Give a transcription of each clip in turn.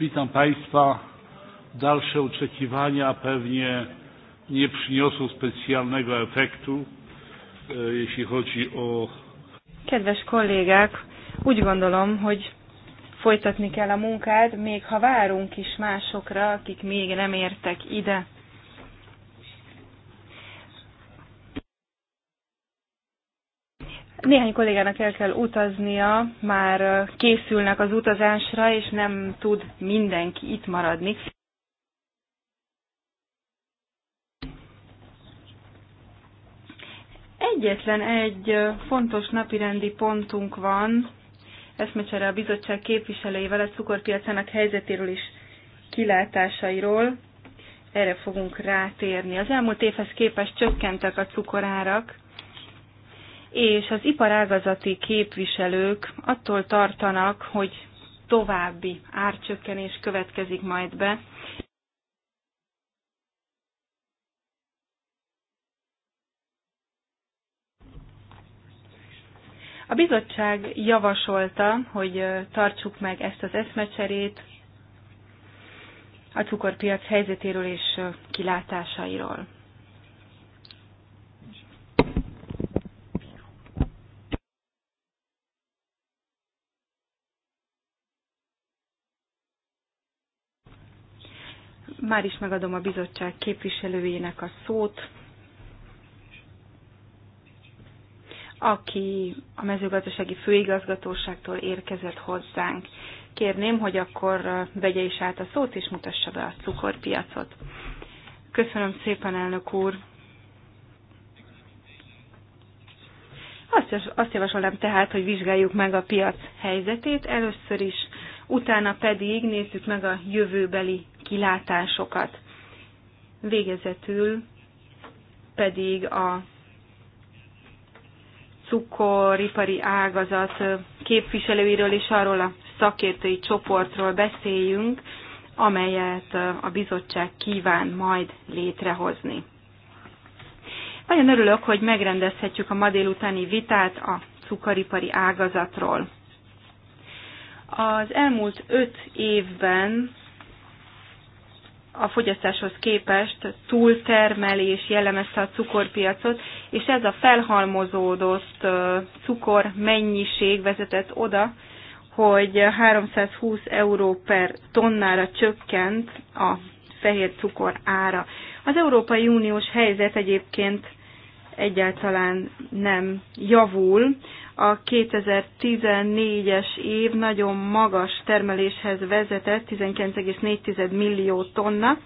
Witam Państwa. Dalsze oczekiwania pewnie nie przyniosą specjalnego efektu, e, jeśli chodzi o. Kedves kollégák, úgy gondolom, hogy folytatni kell a munkát, még ha várunk is másokra, akik még nem értek ide. Néhány kollégának el kell utaznia, már készülnek az utazásra, és nem tud mindenki itt maradni. Egyetlen egy fontos napirendi pontunk van, eszmecsere a bizottság képviselőivel a cukorpiacának helyzetéről és kilátásairól. Erre fogunk rátérni. Az elmúlt évhez képest csökkentek a cukorárak, és az iparágazati képviselők attól tartanak, hogy további árcsökkenés következik majd be. A bizottság javasolta, hogy tartsuk meg ezt az eszmecserét a cukorpiac helyzetéről és kilátásairól. Már is megadom a bizottság képviselőjének a szót, aki a mezőgazdasági főigazgatóságtól érkezett hozzánk. Kérném, hogy akkor vegye is át a szót, és mutassa be a cukorpiacot. Köszönöm szépen, elnök úr! Azt, azt javasolnám tehát, hogy vizsgáljuk meg a piac helyzetét először is, utána pedig nézzük meg a jövőbeli kilátásokat. Végezetül pedig a cukoripari ágazat képviselőiről és arról a szakértői csoportról beszéljünk, amelyet a bizottság kíván majd létrehozni. Nagyon örülök, hogy megrendezhetjük a ma délutáni vitát a cukoripari ágazatról. Az elmúlt öt évben a fogyasztáshoz képest túltermelés jellemezte a cukorpiacot, és ez a felhalmozódott cukor mennyiség vezetett oda, hogy 320 euró per tonnára csökkent a fehér cukor ára. Az Európai Uniós helyzet egyébként egyáltalán nem javul a 2014-es év nagyon magas termeléshez vezetett, 19,4 millió tonna,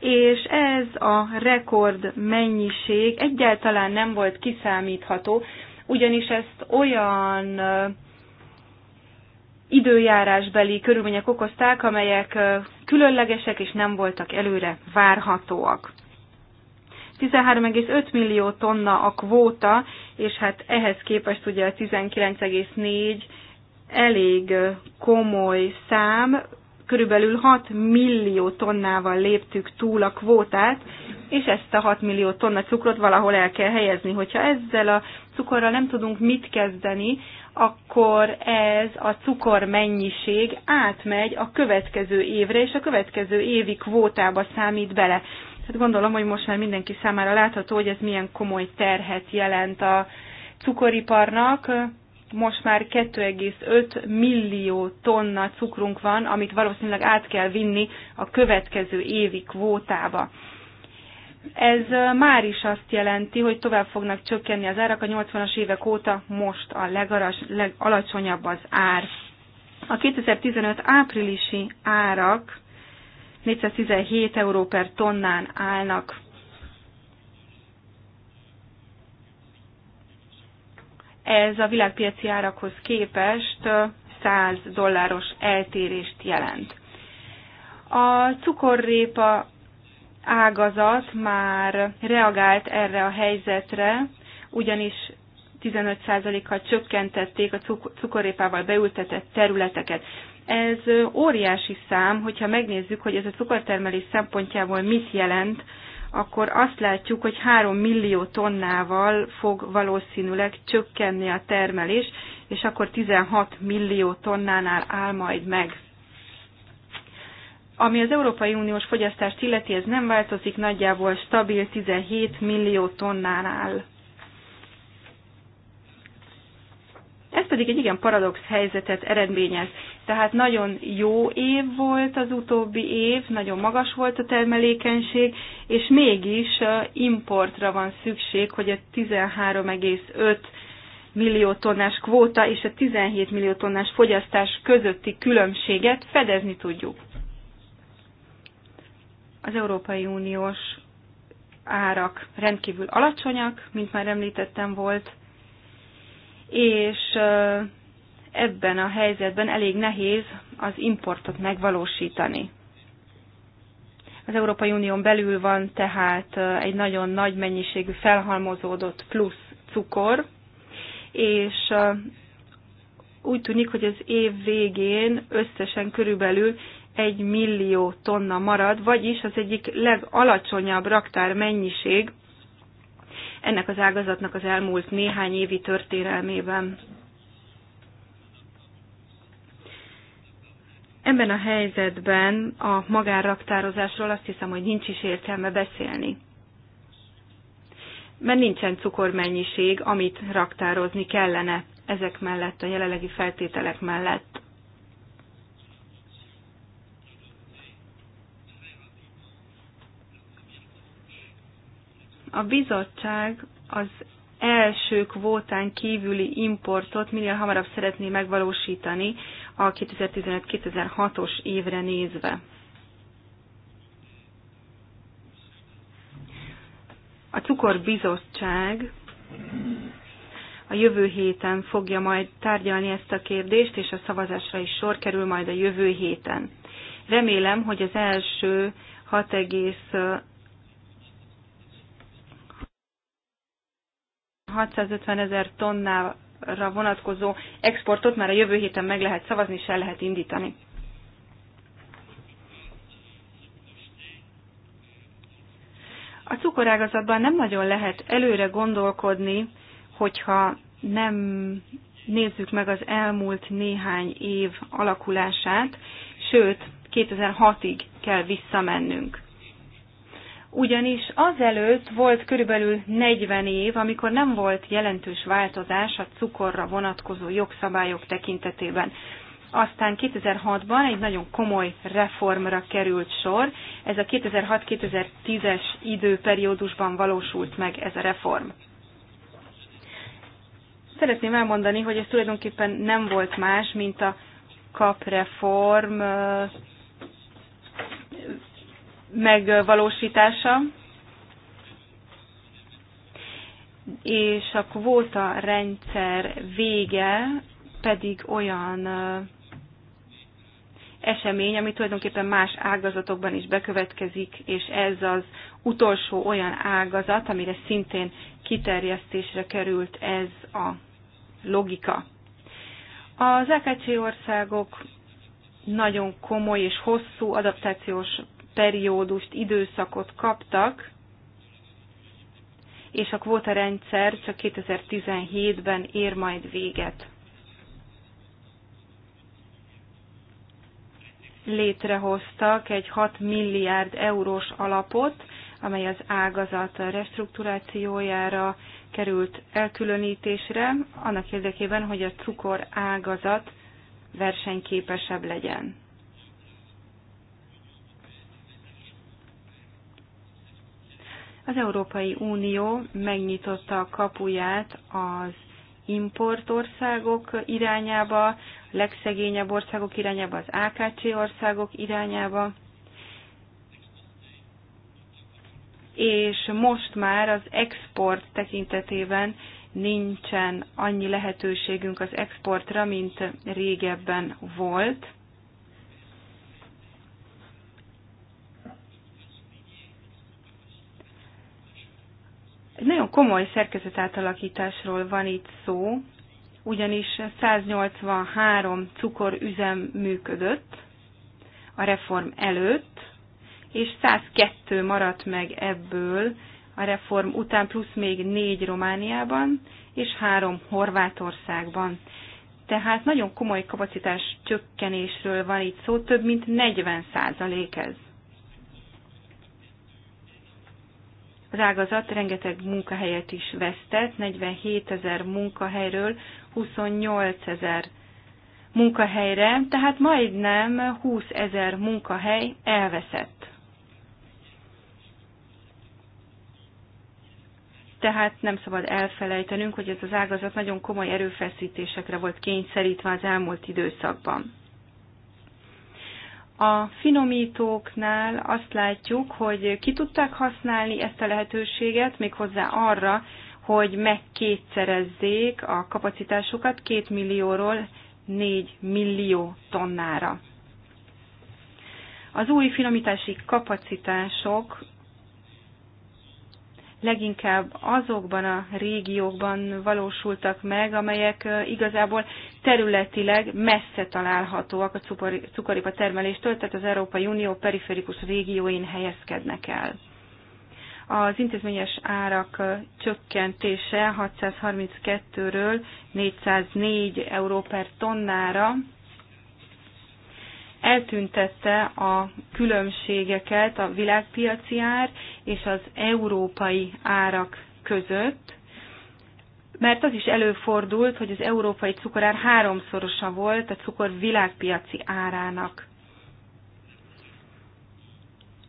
és ez a rekord mennyiség egyáltalán nem volt kiszámítható, ugyanis ezt olyan időjárásbeli körülmények okozták, amelyek különlegesek és nem voltak előre várhatóak. 13,5 millió tonna a kvóta, és hát ehhez képest ugye a 19,4 elég komoly szám, körülbelül 6 millió tonnával léptük túl a kvótát, és ezt a 6 millió tonna cukrot valahol el kell helyezni. Hogyha ezzel a cukorral nem tudunk mit kezdeni, akkor ez a cukor mennyiség átmegy a következő évre, és a következő évi kvótába számít bele. Hát gondolom, hogy most már mindenki számára látható, hogy ez milyen komoly terhet jelent a cukoriparnak. Most már 2,5 millió tonna cukrunk van, amit valószínűleg át kell vinni a következő évi kvótába. Ez már is azt jelenti, hogy tovább fognak csökkenni az árak, a 80-as évek óta most a legaras, legalacsonyabb az ár. A 2015 áprilisi árak 417 euró per tonnán állnak. Ez a világpiaci árakhoz képest 100 dolláros eltérést jelent. A cukorrépa ágazat már reagált erre a helyzetre, ugyanis 15%-kal csökkentették a cukorrépával beültetett területeket. Ez óriási szám, hogyha megnézzük, hogy ez a cukortermelés szempontjából mit jelent, akkor azt látjuk, hogy 3 millió tonnával fog valószínűleg csökkenni a termelés, és akkor 16 millió tonnánál áll majd meg. Ami az Európai Uniós fogyasztást illeti, ez nem változik, nagyjából stabil 17 millió tonnánál. Ez pedig egy igen paradox helyzetet eredményez. Tehát nagyon jó év volt az utóbbi év, nagyon magas volt a termelékenység, és mégis importra van szükség, hogy a 13,5 millió tonnás kvóta és a 17 millió tonnás fogyasztás közötti különbséget fedezni tudjuk. Az Európai Uniós árak rendkívül alacsonyak, mint már említettem volt, és ebben a helyzetben elég nehéz az importot megvalósítani. Az Európai Unión belül van tehát egy nagyon nagy mennyiségű felhalmozódott plusz cukor, és úgy tűnik, hogy az év végén összesen körülbelül egy millió tonna marad, vagyis az egyik legalacsonyabb raktár mennyiség, ennek az ágazatnak az elmúlt néhány évi történelmében. Ebben a helyzetben a magánraktározásról azt hiszem, hogy nincs is értelme beszélni. Mert nincsen cukormennyiség, amit raktározni kellene ezek mellett, a jelenlegi feltételek mellett. A bizottság az első kvótán kívüli importot minél hamarabb szeretné megvalósítani a 2015-2006-os évre nézve. A cukorbizottság a jövő héten fogja majd tárgyalni ezt a kérdést, és a szavazásra is sor kerül majd a jövő héten. Remélem, hogy az első 650 ezer tonnára vonatkozó exportot már a jövő héten meg lehet szavazni, és el lehet indítani. A cukorágazatban nem nagyon lehet előre gondolkodni, hogyha nem nézzük meg az elmúlt néhány év alakulását, sőt, 2006-ig kell visszamennünk ugyanis azelőtt volt körülbelül 40 év, amikor nem volt jelentős változás a cukorra vonatkozó jogszabályok tekintetében. Aztán 2006-ban egy nagyon komoly reformra került sor. Ez a 2006-2010-es időperiódusban valósult meg ez a reform. Szeretném elmondani, hogy ez tulajdonképpen nem volt más, mint a kapreform megvalósítása, és a kvóta rendszer vége pedig olyan esemény, ami tulajdonképpen más ágazatokban is bekövetkezik, és ez az utolsó olyan ágazat, amire szintén kiterjesztésre került ez a logika. Az AKC országok nagyon komoly és hosszú adaptációs periódust, időszakot kaptak, és a rendszer csak 2017-ben ér majd véget. Létrehoztak egy 6 milliárd eurós alapot, amely az ágazat restrukturációjára került elkülönítésre, annak érdekében, hogy a cukor ágazat versenyképesebb legyen. Az Európai Unió megnyitotta a kapuját az importországok irányába, a legszegényebb országok irányába, az AKC országok irányába, és most már az export tekintetében nincsen annyi lehetőségünk az exportra, mint régebben volt. Egy nagyon komoly szerkezetátalakításról van itt szó, ugyanis 183 cukorüzem működött a reform előtt, és 102 maradt meg ebből a reform után, plusz még négy Romániában és három Horvátországban. Tehát nagyon komoly kapacitás csökkenésről van itt szó, több mint 40 százalék ez. Az ágazat rengeteg munkahelyet is vesztett, 47 ezer munkahelyről 28 ezer munkahelyre, tehát majdnem 20 ezer munkahely elveszett. Tehát nem szabad elfelejtenünk, hogy ez az ágazat nagyon komoly erőfeszítésekre volt kényszerítve az elmúlt időszakban. A finomítóknál azt látjuk, hogy ki tudták használni ezt a lehetőséget, méghozzá arra, hogy megkétszerezzék a kapacitásukat 2 millióról 4 millió tonnára. Az új finomítási kapacitások leginkább azokban a régiókban valósultak meg, amelyek igazából területileg messze találhatóak a cukoripa termeléstől, tehát az Európai Unió periférikus régióin helyezkednek el. Az intézményes árak csökkentése 632-ről 404 euró per tonnára eltüntette a különbségeket a világpiaci ár és az európai árak között, mert az is előfordult, hogy az európai cukorár háromszorosa volt a cukor világpiaci árának.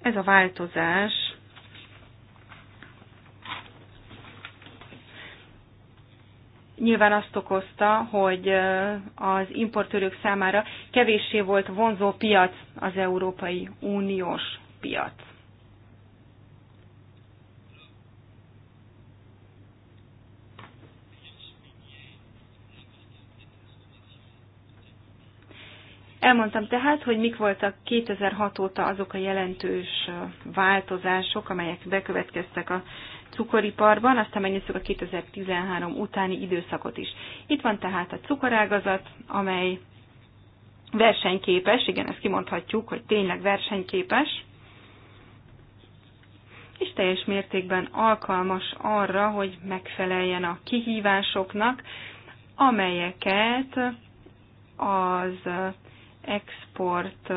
Ez a változás nyilván azt okozta, hogy az importőrök számára kevéssé volt vonzó piac az Európai Uniós piac. Elmondtam tehát, hogy mik voltak 2006 óta azok a jelentős változások, amelyek bekövetkeztek a cukoriparban, aztán megnézzük a 2013 utáni időszakot is. Itt van tehát a cukorágazat, amely versenyképes, igen, ezt kimondhatjuk, hogy tényleg versenyképes, és teljes mértékben alkalmas arra, hogy megfeleljen a kihívásoknak, amelyeket az export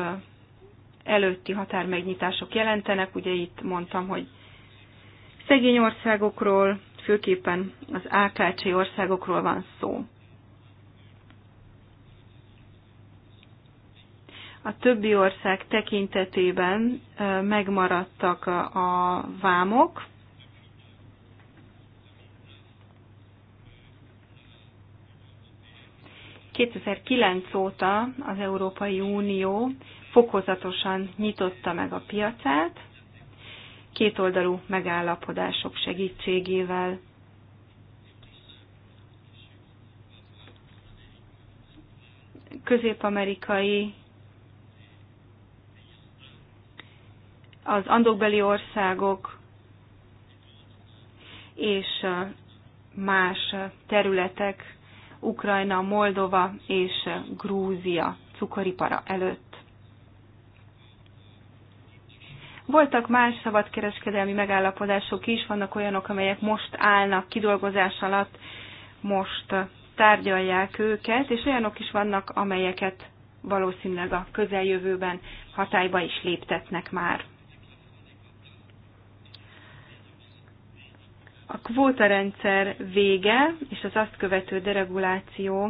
előtti határmegnyitások jelentenek. Ugye itt mondtam, hogy Szegény országokról, főképpen az AKC országokról van szó. A többi ország tekintetében megmaradtak a vámok, ...2009 óta az Európai Unió fokozatosan nyitotta meg a piacát, kétoldalú megállapodások segítségével. Közép-amerikai az andokbeli országok és más területek, Ukrajna, Moldova és Grúzia cukoripara előtt. Voltak más szabadkereskedelmi megállapodások is, vannak olyanok, amelyek most állnak kidolgozás alatt, most tárgyalják őket, és olyanok is vannak, amelyeket valószínűleg a közeljövőben hatályba is léptetnek már. A kvótarendszer vége és az azt követő dereguláció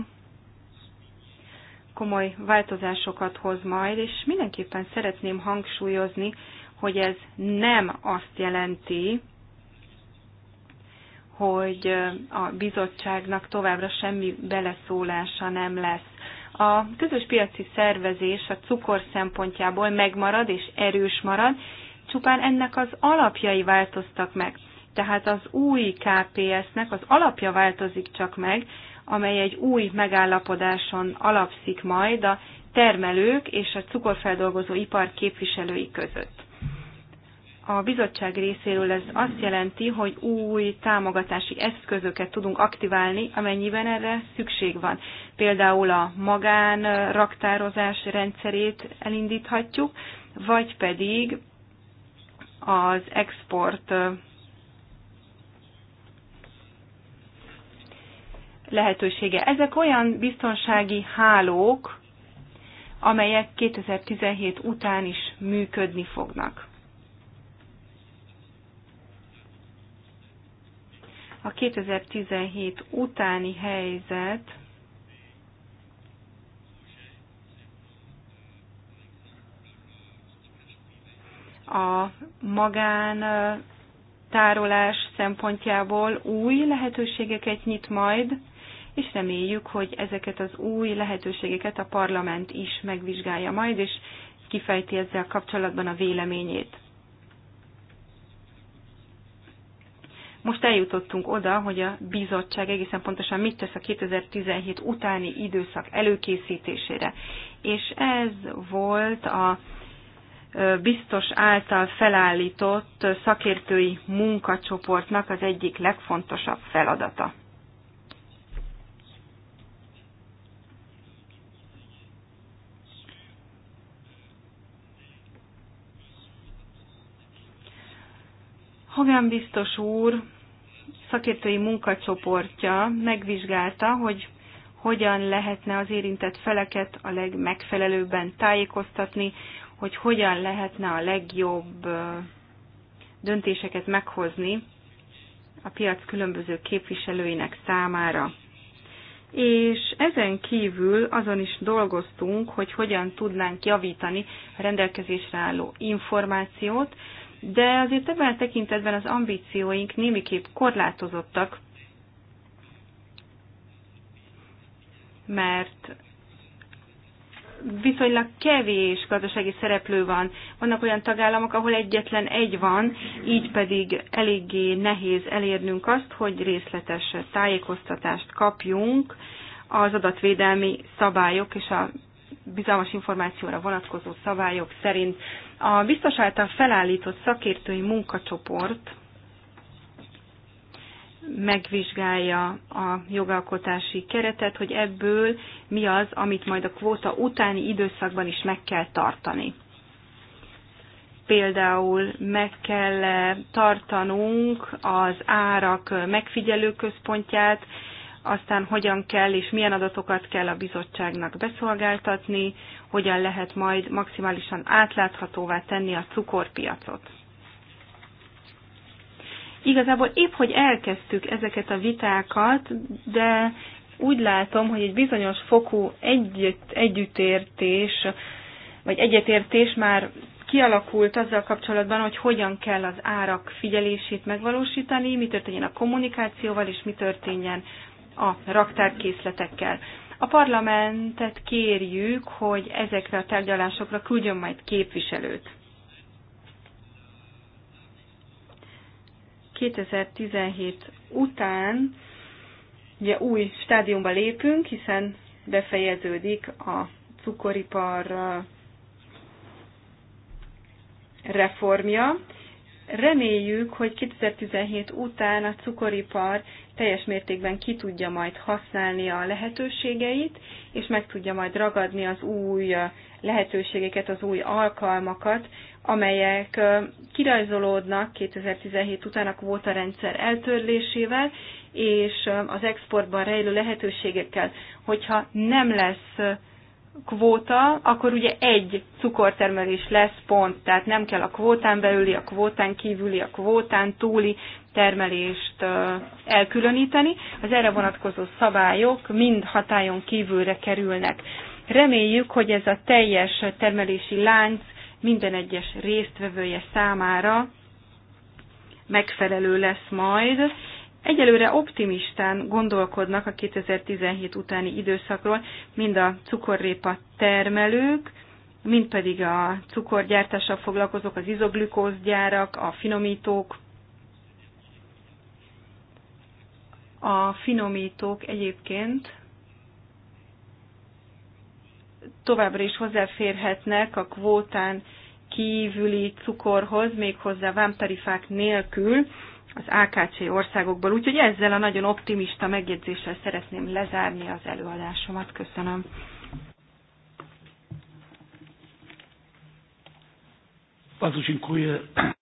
komoly változásokat hoz majd, és mindenképpen szeretném hangsúlyozni, hogy ez nem azt jelenti, hogy a bizottságnak továbbra semmi beleszólása nem lesz. A közös piaci szervezés a cukor szempontjából megmarad és erős marad, csupán ennek az alapjai változtak meg. Tehát az új KPS-nek az alapja változik csak meg, amely egy új megállapodáson alapszik majd a termelők és a cukorfeldolgozó ipar képviselői között. A bizottság részéről ez azt jelenti, hogy új támogatási eszközöket tudunk aktiválni, amennyiben erre szükség van. Például a magánraktározás rendszerét elindíthatjuk, vagy pedig az export lehetősége. Ezek olyan biztonsági hálók, amelyek 2017 után is működni fognak. a 2017 utáni helyzet a magán tárolás szempontjából új lehetőségeket nyit majd, és reméljük, hogy ezeket az új lehetőségeket a parlament is megvizsgálja majd, és kifejti ezzel kapcsolatban a véleményét. Most eljutottunk oda, hogy a bizottság egészen pontosan mit tesz a 2017 utáni időszak előkészítésére. És ez volt a biztos által felállított szakértői munkacsoportnak az egyik legfontosabb feladata. Hogan biztos úr szakértői munkacsoportja megvizsgálta, hogy hogyan lehetne az érintett feleket a legmegfelelőbben tájékoztatni, hogy hogyan lehetne a legjobb döntéseket meghozni a piac különböző képviselőinek számára. És ezen kívül azon is dolgoztunk, hogy hogyan tudnánk javítani a rendelkezésre álló információt, de azért ebben a tekintetben az ambícióink némiképp korlátozottak, mert viszonylag kevés gazdasági szereplő van. Vannak olyan tagállamok, ahol egyetlen egy van, így pedig eléggé nehéz elérnünk azt, hogy részletes tájékoztatást kapjunk az adatvédelmi szabályok és a bizalmas információra vonatkozó szabályok szerint. A biztos által felállított szakértői munkacsoport megvizsgálja a jogalkotási keretet, hogy ebből mi az, amit majd a kvóta utáni időszakban is meg kell tartani. Például meg kell tartanunk az árak megfigyelő központját, aztán hogyan kell és milyen adatokat kell a bizottságnak beszolgáltatni, hogyan lehet majd maximálisan átláthatóvá tenni a cukorpiacot. Igazából épp, hogy elkezdtük ezeket a vitákat, de úgy látom, hogy egy bizonyos fokú együtt, együttértés, vagy egyetértés már kialakult azzal kapcsolatban, hogy hogyan kell az árak figyelését megvalósítani, mi történjen a kommunikációval, és mi történjen a raktárkészletekkel. A parlamentet kérjük, hogy ezekre a tárgyalásokra küldjön majd képviselőt. 2017 után ugye új stádiumba lépünk, hiszen befejeződik a cukoripar reformja. Reméljük, hogy 2017 után a cukoripar teljes mértékben ki tudja majd használni a lehetőségeit, és meg tudja majd ragadni az új lehetőségeket, az új alkalmakat, amelyek kirajzolódnak 2017 után a rendszer eltörlésével, és az exportban rejlő lehetőségekkel, hogyha nem lesz kvóta, akkor ugye egy cukortermelés lesz pont, tehát nem kell a kvótán belüli, a kvótán kívüli, a kvótán túli termelést elkülöníteni. Az erre vonatkozó szabályok mind hatályon kívülre kerülnek. Reméljük, hogy ez a teljes termelési lánc minden egyes résztvevője számára megfelelő lesz majd, Egyelőre optimistán gondolkodnak a 2017 utáni időszakról, mind a cukorrépa termelők, mind pedig a cukorgyártással foglalkozók, az izoglükózgyárak, a finomítók. A finomítók egyébként továbbra is hozzáférhetnek a kvótán kívüli cukorhoz, méghozzá vámtarifák nélkül, az AKC országokból. Úgyhogy ezzel a nagyon optimista megjegyzéssel szeretném lezárni az előadásomat. Köszönöm.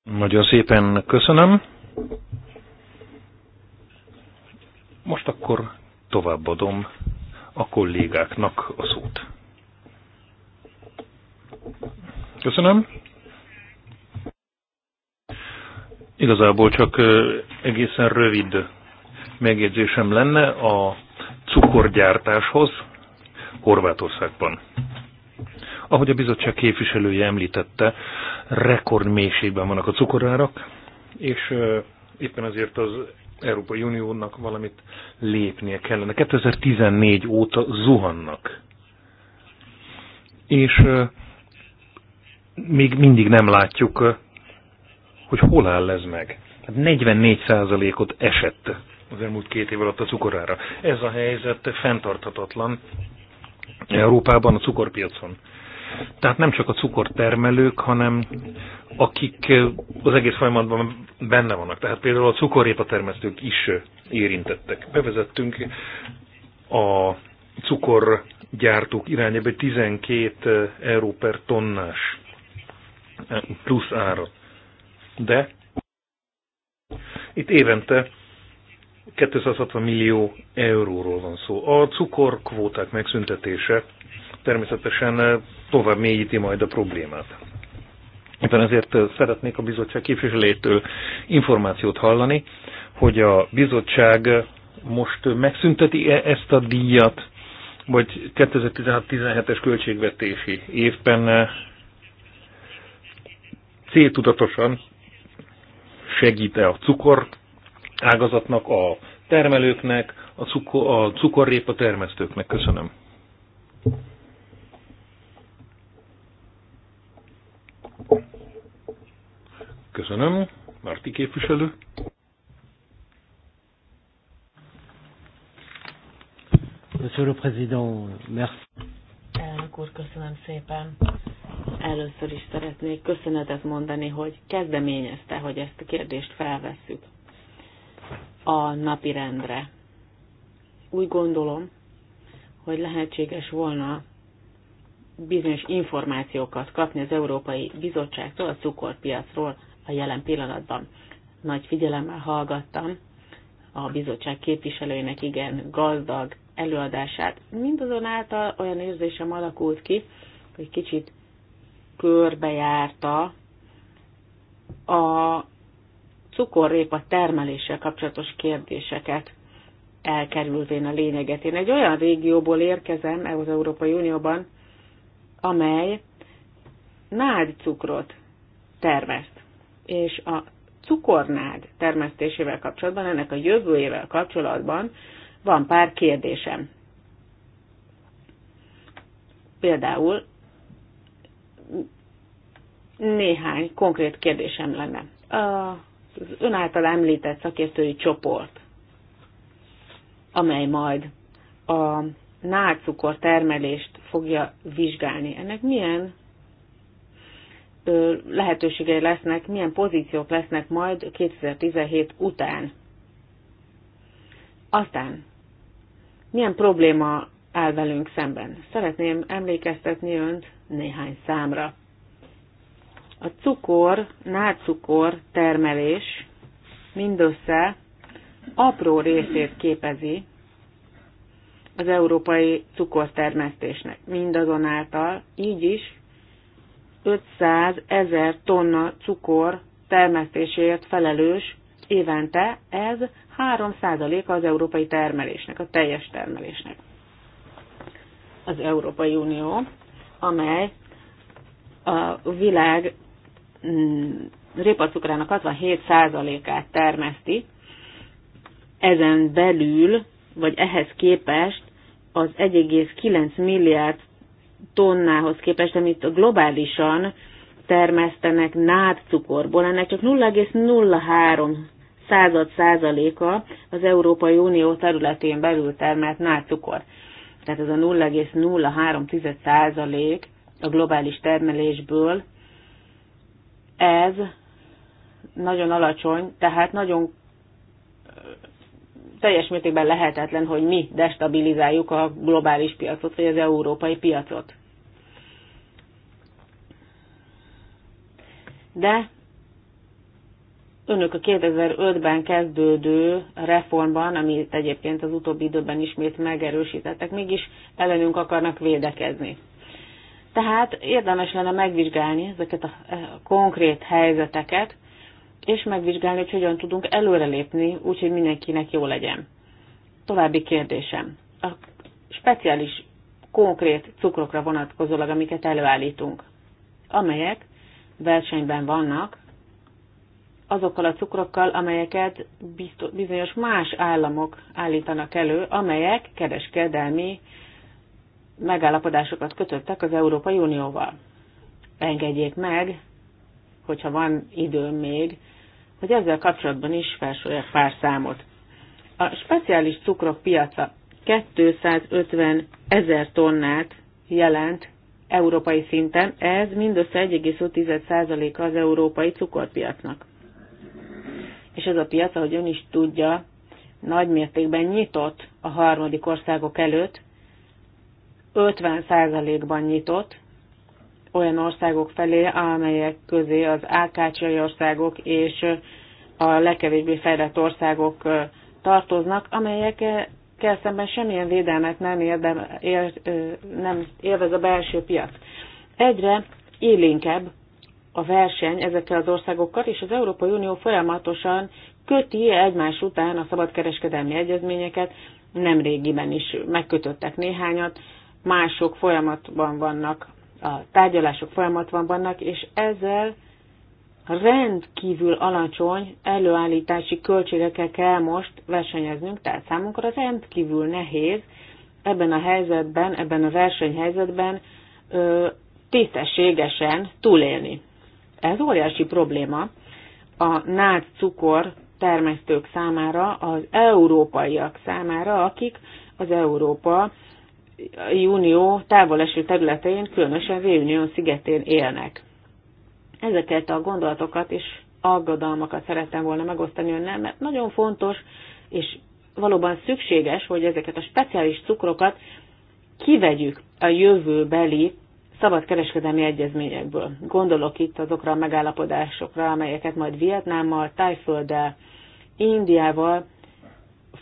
Nagyon szépen köszönöm. Most akkor továbbadom a kollégáknak a szót. Köszönöm. Igazából csak egészen rövid megjegyzésem lenne a cukorgyártáshoz Horvátországban. Ahogy a bizottság képviselője említette, rekord mélységben vannak a cukorárak, és éppen azért az Európai Uniónak valamit lépnie kellene. 2014 óta zuhannak. És még mindig nem látjuk hogy hol áll ez meg. 44%-ot hát esett az elmúlt két év alatt a cukorára. Ez a helyzet fenntarthatatlan Európában a cukorpiacon. Tehát nem csak a cukortermelők, hanem akik az egész folyamatban benne vannak. Tehát például a cukorépa termesztők is érintettek. Bevezettünk a cukorgyártók irányába 12 euró per tonnás plusz árat de itt évente 260 millió euróról van szó. A cukorkvóták megszüntetése természetesen tovább mélyíti majd a problémát. Éppen ezért szeretnék a bizottság képviselétől információt hallani, hogy a bizottság most megszünteti -e ezt a díjat, vagy 2016-17-es költségvetési évben céltudatosan segít-e a cukor ágazatnak, a termelőknek, a, cukor, a cukorrépa termesztőknek. Köszönöm. Köszönöm. Márti képviselő. Monsieur le Président, merci. Elnök úr, köszönöm szépen. Először is szeretnék köszönetet mondani, hogy kezdeményezte, hogy ezt a kérdést felvesszük a napi rendre. Úgy gondolom, hogy lehetséges volna bizonyos információkat kapni az Európai Bizottságtól a cukorpiacról a jelen pillanatban. Nagy figyelemmel hallgattam a bizottság képviselőinek igen gazdag előadását. Mindazonáltal olyan érzésem alakult ki, hogy kicsit körbejárta a cukorrépa termeléssel kapcsolatos kérdéseket, elkerülvén a lényeget. Én egy olyan régióból érkezem e- az Európai Unióban, amely nád cukrot termeszt, és a cukornád termesztésével kapcsolatban, ennek a jövőjével kapcsolatban van pár kérdésem. Például néhány konkrét kérdésem lenne. Az ön által említett szakértői csoport, amely majd a nálcukor termelést fogja vizsgálni. Ennek milyen lehetőségei lesznek, milyen pozíciók lesznek majd 2017 után. Aztán, milyen probléma áll velünk szemben? Szeretném emlékeztetni önt néhány számra. A cukor, nácukor termelés mindössze apró részét képezi az európai cukortermesztésnek. Mindazonáltal így is 500 ezer tonna cukor termesztéséért felelős évente, ez 3% az európai termelésnek, a teljes termelésnek. Az Európai Unió, amely a világ répacukrának 67%-át termeszti, ezen belül, vagy ehhez képest az 1,9 milliárd tonnához képest, amit globálisan termesztenek nádcukorból, ennek csak 0,03 század százaléka az Európai Unió területén belül termelt nádcukor. Tehát ez a 0,03 százalék a globális termelésből ez nagyon alacsony, tehát nagyon teljes mértékben lehetetlen, hogy mi destabilizáljuk a globális piacot, vagy az európai piacot. De önök a 2005-ben kezdődő reformban, amit egyébként az utóbbi időben ismét megerősítettek, mégis ellenünk akarnak védekezni. Tehát érdemes lenne megvizsgálni ezeket a e, konkrét helyzeteket, és megvizsgálni, hogy hogyan tudunk előrelépni, úgyhogy mindenkinek jó legyen. További kérdésem. A speciális, konkrét cukrokra vonatkozólag, amiket előállítunk, amelyek versenyben vannak azokkal a cukrokkal, amelyeket bizonyos más államok állítanak elő, amelyek kereskedelmi megállapodásokat kötöttek az Európai Unióval. Engedjék meg, hogyha van időm még, hogy ezzel kapcsolatban is felsorolják pár számot. A speciális cukrok piaca 250 ezer tonnát jelent európai szinten, ez mindössze 1,5%-a az európai cukorpiacnak. És ez a piac, ahogy ön is tudja, nagy mértékben nyitott a harmadik országok előtt, 50%-ban nyitott olyan országok felé, amelyek közé az ákácsai országok és a legkevésbé fejlett országok tartoznak, amelyekkel szemben semmilyen védelmet nem, érdem, ér, nem élvez a belső piac. Egyre élénkebb a verseny ezekkel az országokkal, és az Európai Unió folyamatosan köti egymás után a szabadkereskedelmi egyezményeket, nem régiben is megkötöttek néhányat, mások folyamatban vannak, a tárgyalások folyamatban vannak, és ezzel rendkívül alacsony előállítási költségekkel kell most versenyeznünk, tehát számunkra rendkívül nehéz ebben a helyzetben, ebben a versenyhelyzetben ö, tisztességesen túlélni. Ez óriási probléma a nád cukor termesztők számára, az európaiak számára, akik az Európa Unió távoleső területein, különösen Réunion szigetén élnek. Ezeket a gondolatokat és aggodalmakat szerettem volna megosztani önnel, mert nagyon fontos és valóban szükséges, hogy ezeket a speciális cukrokat kivegyük a jövőbeli szabadkereskedelmi egyezményekből. Gondolok itt azokra a megállapodásokra, amelyeket majd Vietnámmal, Tájfölddel, Indiával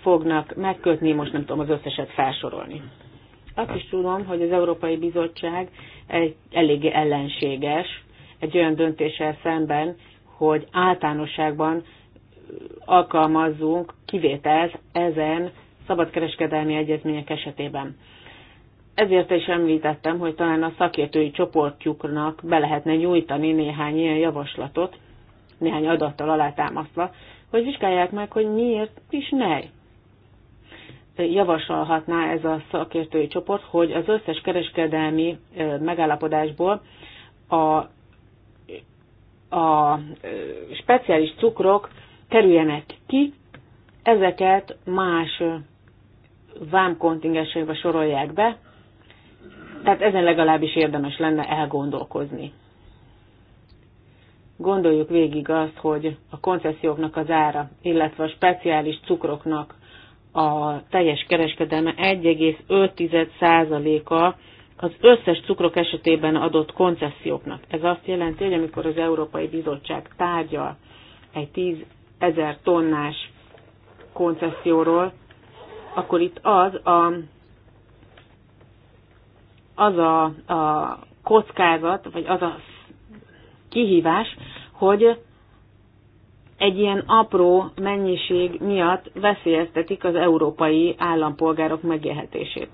fognak megkötni, most nem tudom az összeset felsorolni. Azt is tudom, hogy az Európai Bizottság egy eléggé ellenséges egy olyan döntéssel szemben, hogy általánosságban alkalmazzunk kivételt ezen szabadkereskedelmi egyezmények esetében. Ezért is említettem, hogy talán a szakértői csoportjuknak be lehetne nyújtani néhány ilyen javaslatot, néhány adattal alátámasztva, hogy vizsgálják meg, hogy miért is ne javasolhatná ez a szakértői csoport, hogy az összes kereskedelmi megállapodásból a, a speciális cukrok kerüljenek ki, ezeket más vámkontingensekbe sorolják be, tehát ezen legalábbis érdemes lenne elgondolkozni. Gondoljuk végig azt, hogy a konceszióknak az ára, illetve a speciális cukroknak a teljes kereskedelme 1,5%-a az összes cukrok esetében adott konceszióknak. Ez azt jelenti, hogy amikor az Európai Bizottság tárgyal egy 10 ezer tonnás koncesszióról, akkor itt az a, az a, a kockázat, vagy az a kihívás, hogy egy ilyen apró mennyiség miatt veszélyeztetik az európai állampolgárok megélhetését.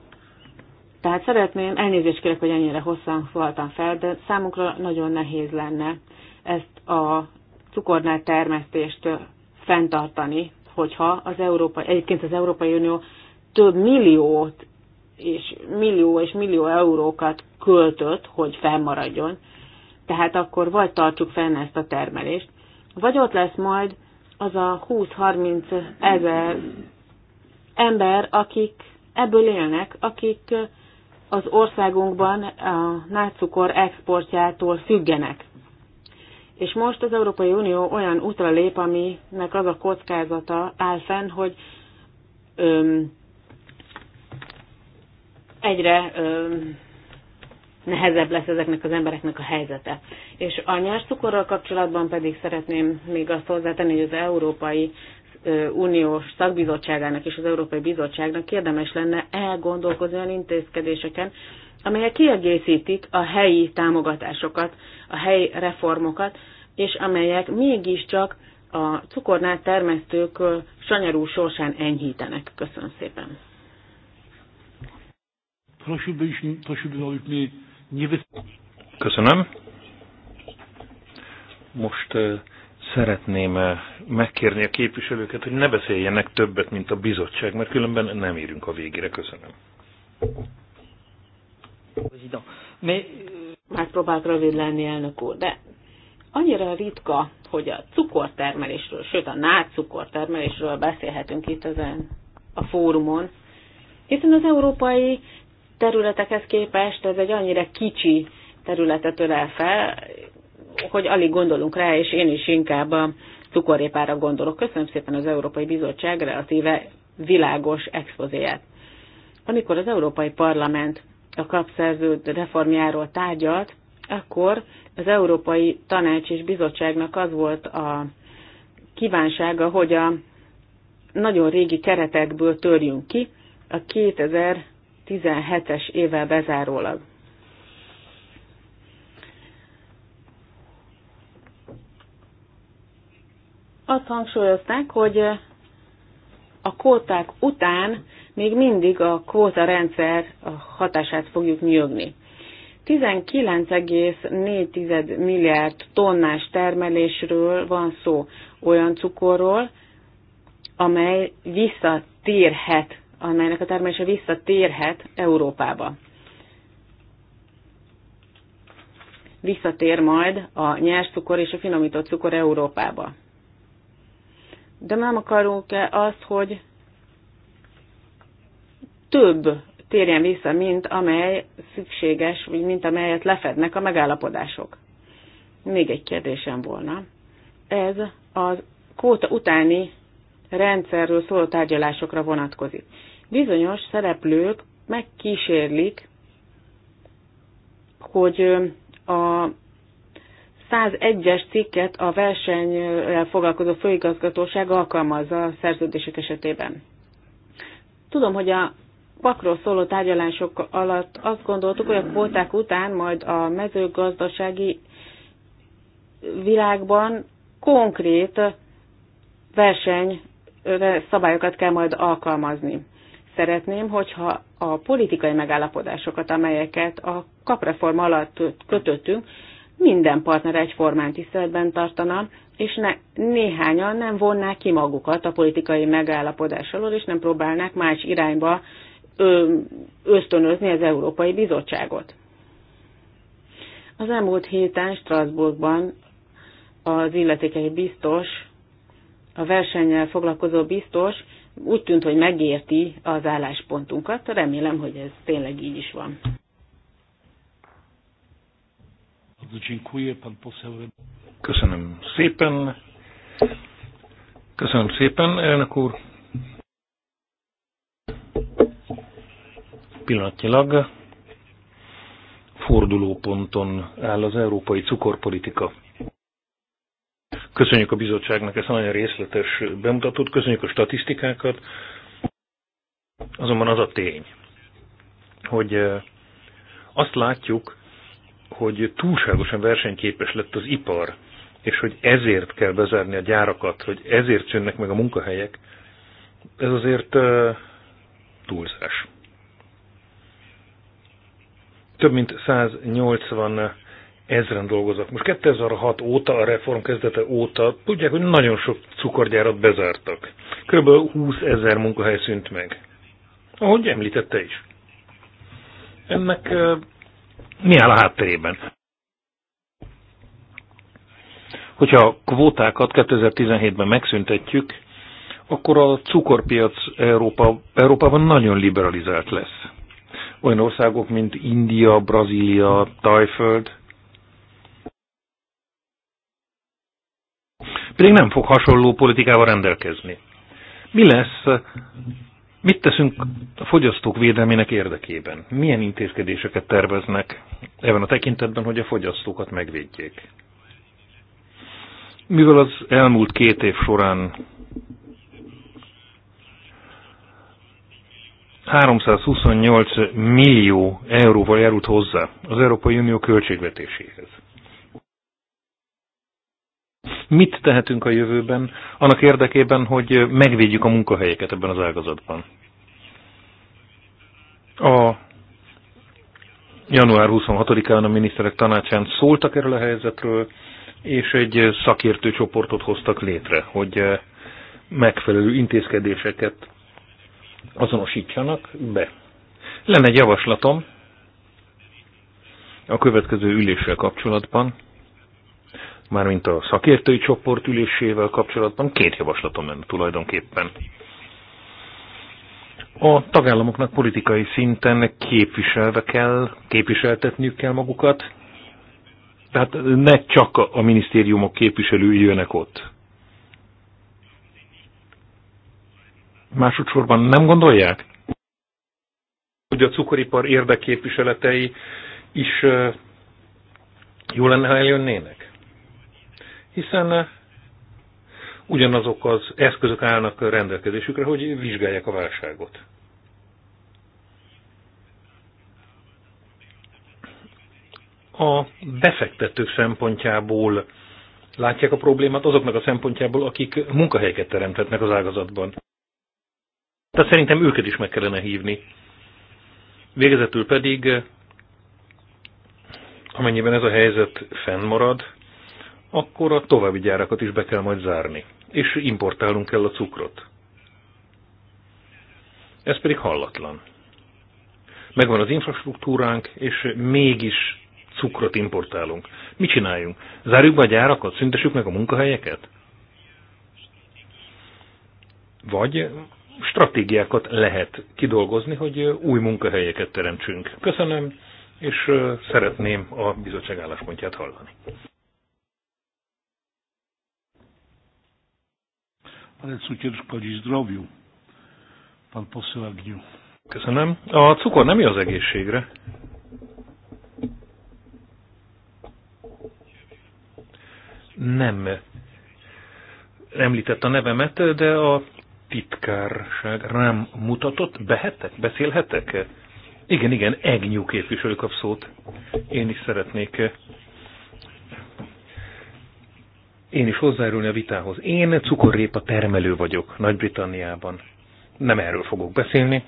Tehát szeretném, elnézést kérek, hogy ennyire hosszan szóltam fel, de számukra nagyon nehéz lenne ezt a cukornál termesztést fenntartani, hogyha az Európai, egyébként az Európai Unió több milliót és millió és millió eurókat költött, hogy felmaradjon. Tehát akkor vagy tartsuk fenn ezt a termelést, vagy ott lesz majd az a 20-30 ezer ember, akik ebből élnek, akik az országunkban a nátszukor exportjától függenek. És most az Európai Unió olyan útra lép, aminek az a kockázata áll fenn, hogy öm, egyre öm, nehezebb lesz ezeknek az embereknek a helyzete. És a nyers cukorral kapcsolatban pedig szeretném még azt hozzátenni, hogy az Európai Uniós Szakbizottságának és az Európai Bizottságnak érdemes lenne elgondolkozni olyan intézkedéseken, amelyek kiegészítik a helyi támogatásokat, a helyi reformokat, és amelyek mégiscsak a cukornát termesztők sanyarú sorsán enyhítenek. Köszönöm szépen. Prosiłbym, prosiłbym o Köszönöm. Most uh, szeretném megkérni a képviselőket, hogy ne beszéljenek többet, mint a bizottság, mert különben nem érünk a végére. Köszönöm. Megpróbálok rövid lenni, elnök úr, de annyira ritka, hogy a cukortermelésről, sőt a nád cukortermelésről beszélhetünk itt ezen a fórumon, hiszen az európai területekhez képest ez egy annyira kicsi területet ölel fel, hogy alig gondolunk rá, és én is inkább a cukorrépára gondolok. Köszönöm szépen az Európai Bizottság relatíve világos expozéját. Amikor az Európai Parlament a kapszerződ reformjáról tárgyalt, akkor az Európai Tanács és Bizottságnak az volt a kívánsága, hogy a nagyon régi keretekből törjünk ki, a 2000 17-es éve bezárólag. Azt hangsúlyozták, hogy a kóták után még mindig a kóta rendszer hatását fogjuk nyögni. 19,4 milliárd tonnás termelésről van szó olyan cukorról, amely visszatérhet amelynek a termése visszatérhet Európába. Visszatér majd a nyers cukor és a finomított cukor Európába. De nem akarunk-e azt, hogy több térjen vissza, mint amely szükséges, vagy mint amelyet lefednek a megállapodások? Még egy kérdésem volna. Ez az kóta utáni rendszerről szóló tárgyalásokra vonatkozik. Bizonyos szereplők megkísérlik, hogy a 101-es cikket a versenyrel foglalkozó főigazgatóság alkalmazza a szerződések esetében. Tudom, hogy a pakról szóló tárgyalások alatt azt gondoltuk, hogy a kvóták után majd a mezőgazdasági világban konkrét verseny szabályokat kell majd alkalmazni. Szeretném, hogyha a politikai megállapodásokat, amelyeket a kapreform alatt kötöttünk, minden partner egyformán tiszteletben tartana, és ne, néhányan nem vonnák ki magukat a politikai megállapodás alól, és nem próbálnák más irányba ö, ösztönözni az Európai Bizottságot. Az elmúlt héten Strasbourgban az illetékei biztos a versennyel foglalkozó biztos úgy tűnt, hogy megérti az álláspontunkat. Remélem, hogy ez tényleg így is van. Köszönöm szépen. Köszönöm szépen, elnök úr. Pillanatnyilag fordulóponton áll az európai cukorpolitika. Köszönjük a bizottságnak ezt a nagyon részletes bemutatót, köszönjük a statisztikákat. Azonban az a tény, hogy azt látjuk, hogy túlságosan versenyképes lett az ipar, és hogy ezért kell bezárni a gyárakat, hogy ezért szűnnek meg a munkahelyek, ez azért túlzás. Több mint 180 ezren dolgoznak. Most 2006 óta, a reform kezdete óta, tudják, hogy nagyon sok cukorgyárat bezártak. Körülbelül 20 ezer munkahely szűnt meg. Ahogy említette is. Ennek mi áll a hátterében? Hogyha a kvótákat 2017-ben megszüntetjük, akkor a cukorpiac Európa, Európában nagyon liberalizált lesz. Olyan országok, mint India, Brazília, Tajföld, pedig nem fog hasonló politikával rendelkezni. Mi lesz, mit teszünk a fogyasztók védelmének érdekében? Milyen intézkedéseket terveznek ebben a tekintetben, hogy a fogyasztókat megvédjék? Mivel az elmúlt két év során 328 millió euróval járult hozzá az Európai Unió költségvetéséhez. Mit tehetünk a jövőben annak érdekében, hogy megvédjük a munkahelyeket ebben az ágazatban? A január 26-án a miniszterek tanácsán szóltak erről a helyzetről, és egy szakértő csoportot hoztak létre, hogy megfelelő intézkedéseket azonosítsanak be. Lenne egy javaslatom a következő üléssel kapcsolatban, mármint a szakértői csoport ülésével kapcsolatban két javaslatom lenne tulajdonképpen. A tagállamoknak politikai szinten képviselve kell, képviseltetniük kell magukat, tehát ne csak a minisztériumok képviselői jönnek ott. Másodszorban nem gondolják, hogy a cukoripar érdekképviseletei is jó lenne, ha eljönnének? hiszen eh, ugyanazok az eszközök állnak rendelkezésükre, hogy vizsgálják a válságot. A befektetők szempontjából látják a problémát, azoknak a szempontjából, akik munkahelyeket teremtetnek az ágazatban. Tehát szerintem őket is meg kellene hívni. Végezetül pedig, eh, amennyiben ez a helyzet fennmarad, akkor a további gyárakat is be kell majd zárni, és importálunk kell a cukrot. Ez pedig hallatlan. Megvan az infrastruktúránk, és mégis cukrot importálunk. Mit csináljunk? Zárjuk be a gyárakat? Szüntessük meg a munkahelyeket? Vagy stratégiákat lehet kidolgozni, hogy új munkahelyeket teremtsünk. Köszönöm, és szeretném a bizottság álláspontját hallani. ale cukier szkodzi zdrowiu. Pan poseł Agniu. Köszönöm. A cukor nem jó az egészségre. Nem említett a nevemet, de a titkárság rám mutatott. Behetek? Beszélhetek? Igen, igen, Egnyú képviselők a szót. Én is szeretnék én is hozzájárulni a vitához. Én cukorrépa termelő vagyok Nagy-Britanniában. Nem erről fogok beszélni.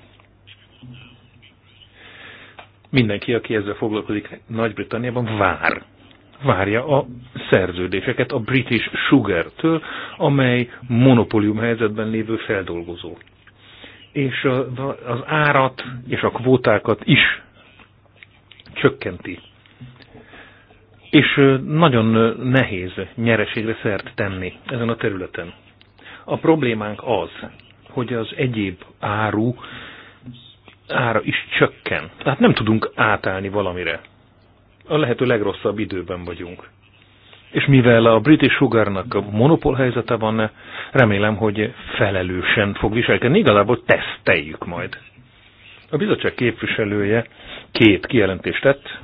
Mindenki, aki ezzel foglalkozik Nagy-Britanniában, vár. Várja a szerződéseket a British Sugar-től, amely monopólium helyzetben lévő feldolgozó. És az árat és a kvótákat is csökkenti és nagyon nehéz nyereségre szert tenni ezen a területen. A problémánk az, hogy az egyéb áru ára is csökken. Tehát nem tudunk átállni valamire. A lehető legrosszabb időben vagyunk. És mivel a British Sugarnak a monopól helyzete van, remélem, hogy felelősen fog viselkedni. Igazából teszteljük majd. A bizottság képviselője két kijelentést tett,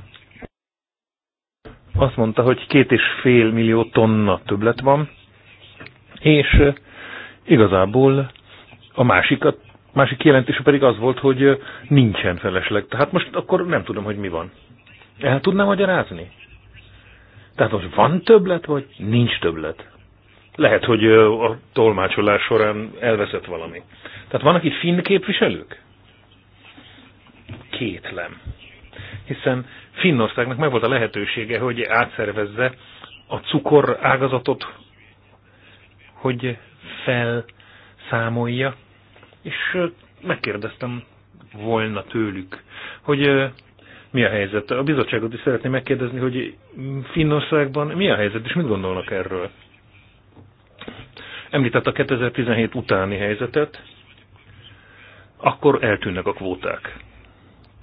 azt mondta, hogy két és fél millió tonna többlet van, és igazából a másik a másik jelentése pedig az volt, hogy nincsen felesleg. Tehát most akkor nem tudom, hogy mi van. El tudná magyarázni? Tehát most van többlet, vagy nincs többlet? Lehet, hogy a tolmácsolás során elveszett valami. Tehát vannak itt finn képviselők? Kétlem hiszen Finnországnak megvolt a lehetősége, hogy átszervezze a cukor ágazatot, hogy felszámolja, és megkérdeztem volna tőlük, hogy mi a helyzet. A bizottságot is szeretném megkérdezni, hogy Finnországban mi a helyzet, és mit gondolnak erről? Említett a 2017 utáni helyzetet, akkor eltűnnek a kvóták.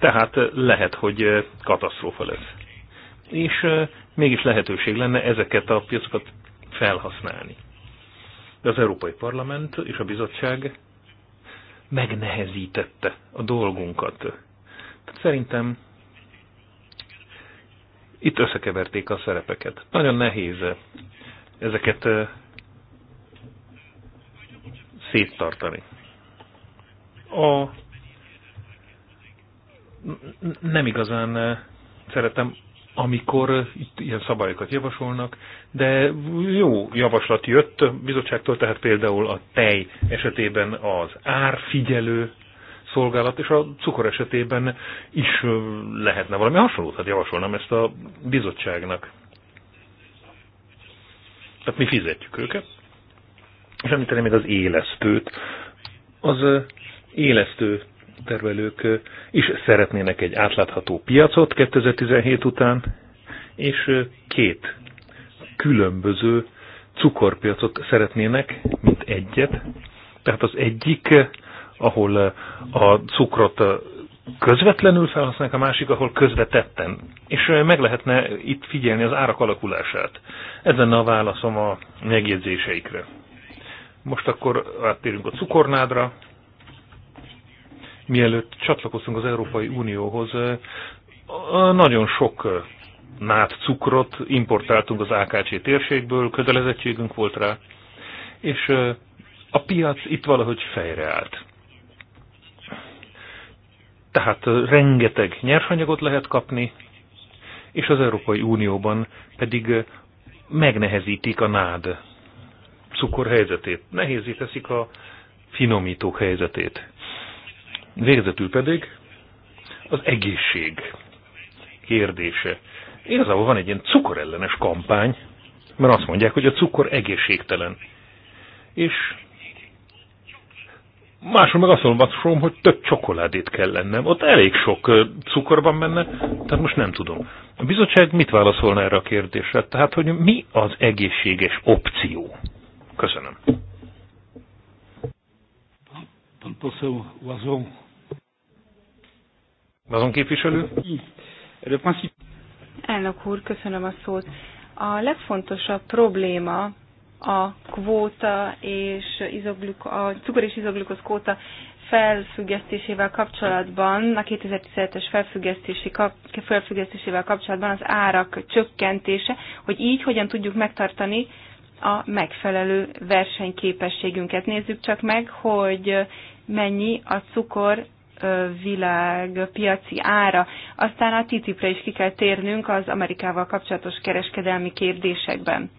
Tehát lehet, hogy katasztrófa lesz. És mégis lehetőség lenne ezeket a piacokat felhasználni. De az Európai Parlament és a bizottság megnehezítette a dolgunkat. Tehát szerintem itt összekeverték a szerepeket. Nagyon nehéz ezeket széttartani. A nem igazán eh, szeretem, amikor itt ilyen szabályokat javasolnak, de jó javaslat jött a bizottságtól, tehát például a tej esetében az árfigyelő szolgálat, és a cukor esetében is eh, lehetne valami hasonlót, tehát javasolnám ezt a bizottságnak. Tehát mi fizetjük őket. És említeném még az élesztőt. Az eh, élesztő termelők is szeretnének egy átlátható piacot 2017 után, és két különböző cukorpiacot szeretnének, mint egyet. Tehát az egyik, ahol a cukrot közvetlenül felhasználják, a másik, ahol közvetetten. És meg lehetne itt figyelni az árak alakulását. Ez lenne a válaszom a megjegyzéseikre. Most akkor áttérünk a cukornádra mielőtt csatlakoztunk az Európai Unióhoz, nagyon sok nát cukrot importáltunk az AKC térségből, kötelezettségünk volt rá, és a piac itt valahogy fejreállt. Tehát rengeteg nyersanyagot lehet kapni, és az Európai Unióban pedig megnehezítik a nád cukor helyzetét, nehézíteszik a finomítók helyzetét. Végezetül pedig az egészség kérdése. Igazából van egy ilyen cukorellenes kampány, mert azt mondják, hogy a cukor egészségtelen. És máshol meg azt mondom, hogy több csokoládét kell lennem. Ott elég sok cukor van benne, tehát most nem tudom. A bizottság mit válaszolna erre a kérdésre? Tehát, hogy mi az egészséges opció? Köszönöm. Pan poseł Łazon. Azon képviselő? Elnök úr, köszönöm a szót. A legfontosabb probléma a kvóta és izoglük, a cukor és izoglukoz kvóta felfüggesztésével kapcsolatban, a 2017-es felfüggesztési kap, felfüggesztésével kapcsolatban az árak csökkentése, hogy így hogyan tudjuk megtartani a megfelelő versenyképességünket. Nézzük csak meg, hogy mennyi a cukor világ piaci ára. Aztán a TTIP-re is ki kell térnünk az Amerikával kapcsolatos kereskedelmi kérdésekben.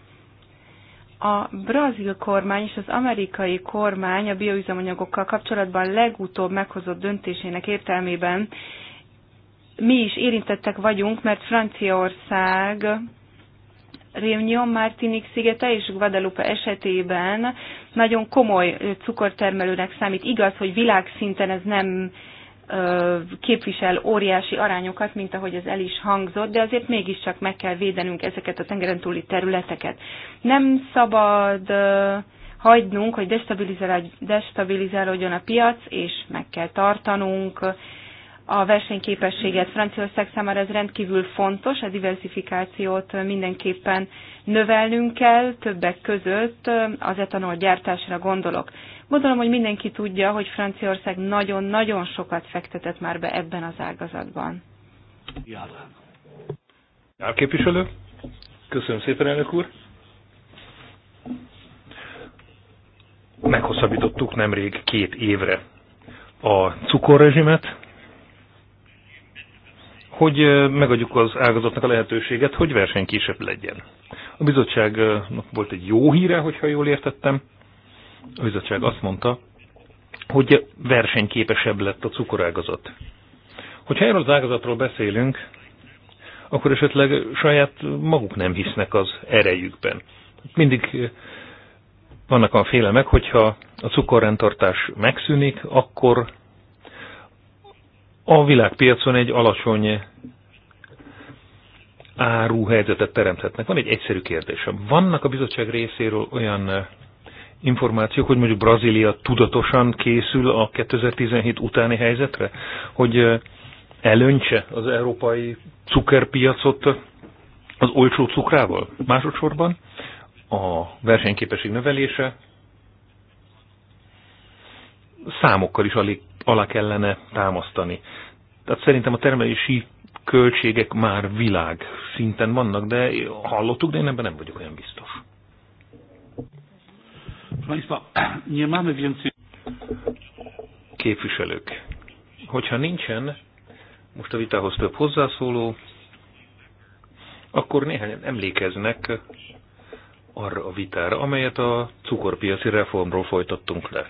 A brazil kormány és az amerikai kormány a bioüzemanyagokkal kapcsolatban legutóbb meghozott döntésének értelmében mi is érintettek vagyunk, mert Franciaország Réunion, Martinique szigete és Guadalupe esetében nagyon komoly cukortermelőnek számít. Igaz, hogy világszinten ez nem képvisel óriási arányokat, mint ahogy ez el is hangzott, de azért mégiscsak meg kell védenünk ezeket a tengeren túli területeket. Nem szabad hagynunk, hogy destabilizálódjon a piac, és meg kell tartanunk a versenyképességet. Franciaország számára ez rendkívül fontos, a diversifikációt mindenképpen növelnünk kell, többek között az etanol gyártásra gondolok. Gondolom, hogy mindenki tudja, hogy Franciaország nagyon-nagyon sokat fektetett már be ebben az ágazatban. Jár. Képviselő. Köszönöm szépen, elnök úr. Meghosszabbítottuk nemrég két évre a cukorrezsimet, hogy megadjuk az ágazatnak a lehetőséget, hogy kisebb legyen. A bizottságnak volt egy jó híre, hogyha jól értettem. A bizottság azt mondta, hogy versenyképesebb lett a cukorágazat. Hogyha erről az ágazatról beszélünk, akkor esetleg saját maguk nem hisznek az erejükben. Mindig vannak a félemek, hogyha a cukorrendtartás megszűnik, akkor a világpiacon egy alacsony áru helyzetet teremthetnek. Van egy egyszerű kérdésem. Vannak a bizottság részéről olyan eh, információk, hogy mondjuk Brazília tudatosan készül a 2017 utáni helyzetre, hogy eh, elöntse az európai cukerpiacot az olcsó cukrával? Másodszorban a versenyképesség növelése számokkal is alig alá kellene támasztani. Tehát szerintem a termelési költségek már világ szinten vannak, de hallottuk, de én ebben nem vagyok olyan biztos. Képviselők, hogyha nincsen most a vitához több hozzászóló, akkor néhányan emlékeznek arra a vitára, amelyet a cukorpiaci reformról folytattunk le.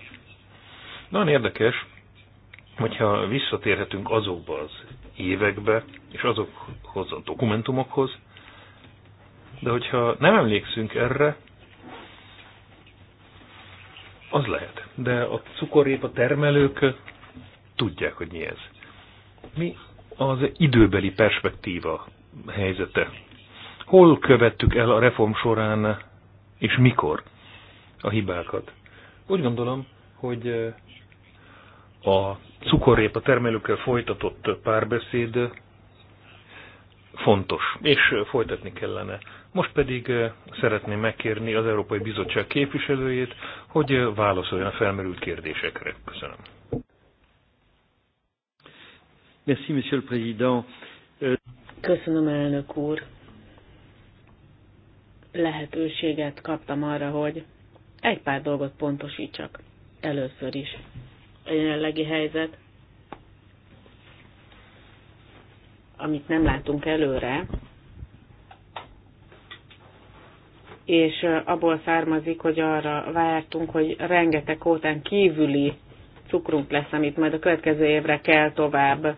Nagyon érdekes, hogyha visszatérhetünk azokba az évekbe, és azokhoz a dokumentumokhoz, de hogyha nem emlékszünk erre, az lehet. De a cukorrépa termelők tudják, hogy mi ez. Mi az időbeli perspektíva helyzete? Hol követtük el a reform során, és mikor a hibákat? Úgy gondolom, hogy a cukorrépa termelőkkel folytatott párbeszéd fontos, és folytatni kellene. Most pedig eh, szeretném megkérni az Európai Bizottság képviselőjét, hogy eh, válaszoljon a felmerült kérdésekre. Köszönöm. Merci, Monsieur le Président. Euh, Köszönöm, elnök úr. Lehetőséget kaptam arra, hogy egy pár dolgot pontosítsak. Először is a jelenlegi helyzet, amit nem látunk előre, és abból származik, hogy arra vártunk, hogy rengeteg ótán kívüli cukrunk lesz, amit majd a következő évre kell tovább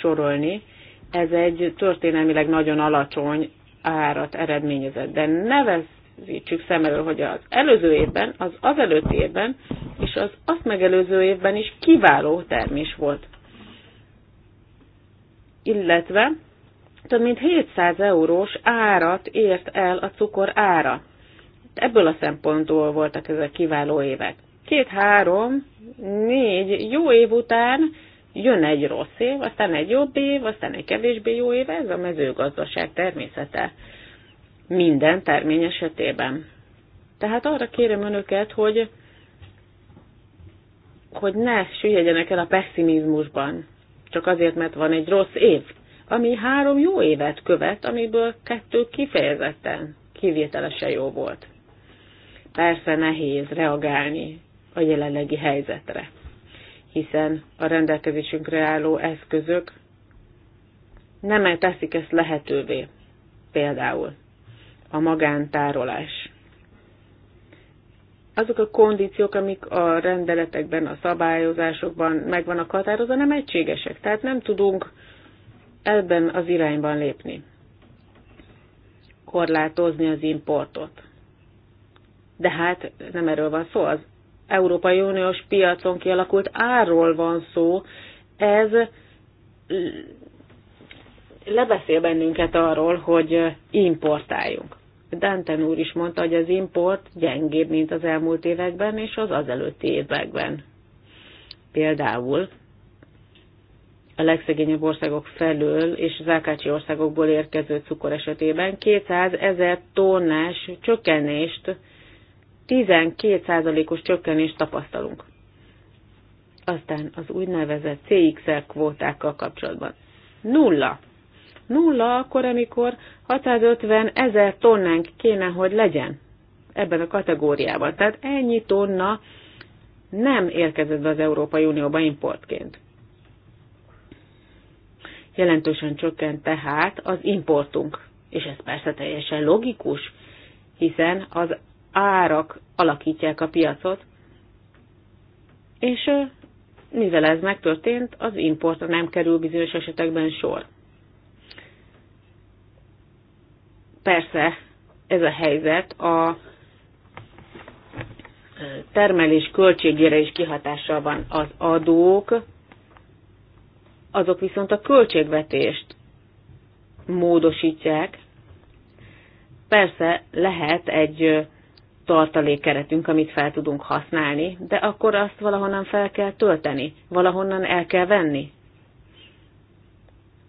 sorolni. Ez egy történelmileg nagyon alacsony árat eredményezett, de ne veszítsük szem elől, hogy az előző évben, az azelőtti évben és az azt megelőző évben is kiváló termés volt. Illetve több mint 700 eurós árat ért el a cukor ára. Ebből a szempontból voltak ezek kiváló évek. Két, három, négy jó év után jön egy rossz év, aztán egy jobb év, aztán egy kevésbé jó év, ez a mezőgazdaság természete minden termény esetében. Tehát arra kérem önöket, hogy hogy ne süllyedjenek el a pessimizmusban, csak azért, mert van egy rossz év, ami három jó évet követ, amiből kettő kifejezetten kivételesen jó volt. Persze nehéz reagálni a jelenlegi helyzetre, hiszen a rendelkezésünkre álló eszközök nem teszik ezt lehetővé. Például a magántárolás azok a kondíciók, amik a rendeletekben, a szabályozásokban megvannak határozva, nem egységesek. Tehát nem tudunk ebben az irányban lépni. Korlátozni az importot. De hát nem erről van szó, az Európai Uniós piacon kialakult árról van szó, ez lebeszél bennünket arról, hogy importáljunk. Danten úr is mondta, hogy az import gyengébb, mint az elmúlt években és az azelőtti években. Például a legszegényebb országok felől és az Ákácsi országokból érkező cukor esetében 200 ezer tonnás csökkenést, 12%-os csökkenést tapasztalunk. Aztán az úgynevezett CXL kvótákkal kapcsolatban. Nulla Nulla akkor, amikor 650 ezer tonnánk kéne, hogy legyen ebben a kategóriában. Tehát ennyi tonna nem érkezett be az Európai Unióba importként. Jelentősen csökkent tehát az importunk, és ez persze teljesen logikus, hiszen az árak alakítják a piacot, és mivel ez megtörtént, az importra nem kerül bizonyos esetekben sor. Persze ez a helyzet a termelés költségére is kihatással van az adók, azok viszont a költségvetést módosítják. Persze lehet egy tartalékkeretünk, amit fel tudunk használni, de akkor azt valahonnan fel kell tölteni, valahonnan el kell venni.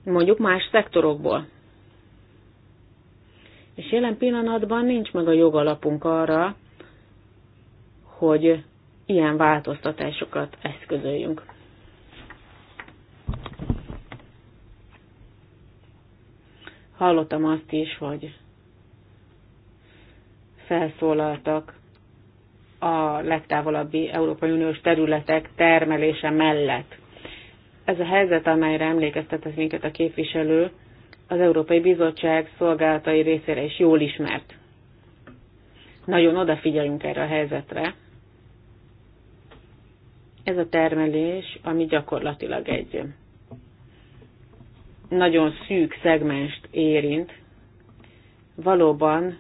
Mondjuk más szektorokból. És jelen pillanatban nincs meg a jogalapunk arra, hogy ilyen változtatásokat eszközöljünk. Hallottam azt is, hogy felszólaltak a legtávolabbi Európai Uniós területek termelése mellett. Ez a helyzet, amelyre emlékeztetett minket a képviselő, az Európai Bizottság szolgálatai részére is jól ismert. Nagyon odafigyelünk erre a helyzetre. Ez a termelés, ami gyakorlatilag egy nagyon szűk szegmest érint, valóban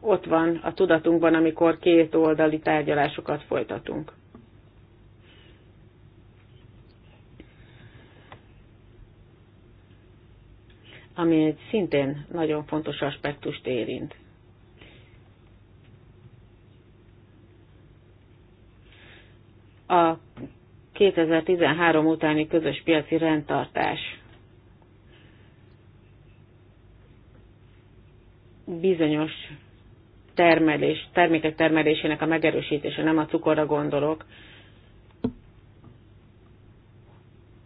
ott van a tudatunkban, amikor két oldali tárgyalásokat folytatunk. ami egy szintén nagyon fontos aspektust érint. A 2013 utáni közös piaci rendtartás bizonyos termelés, termékek termelésének a megerősítése, nem a cukorra gondolok,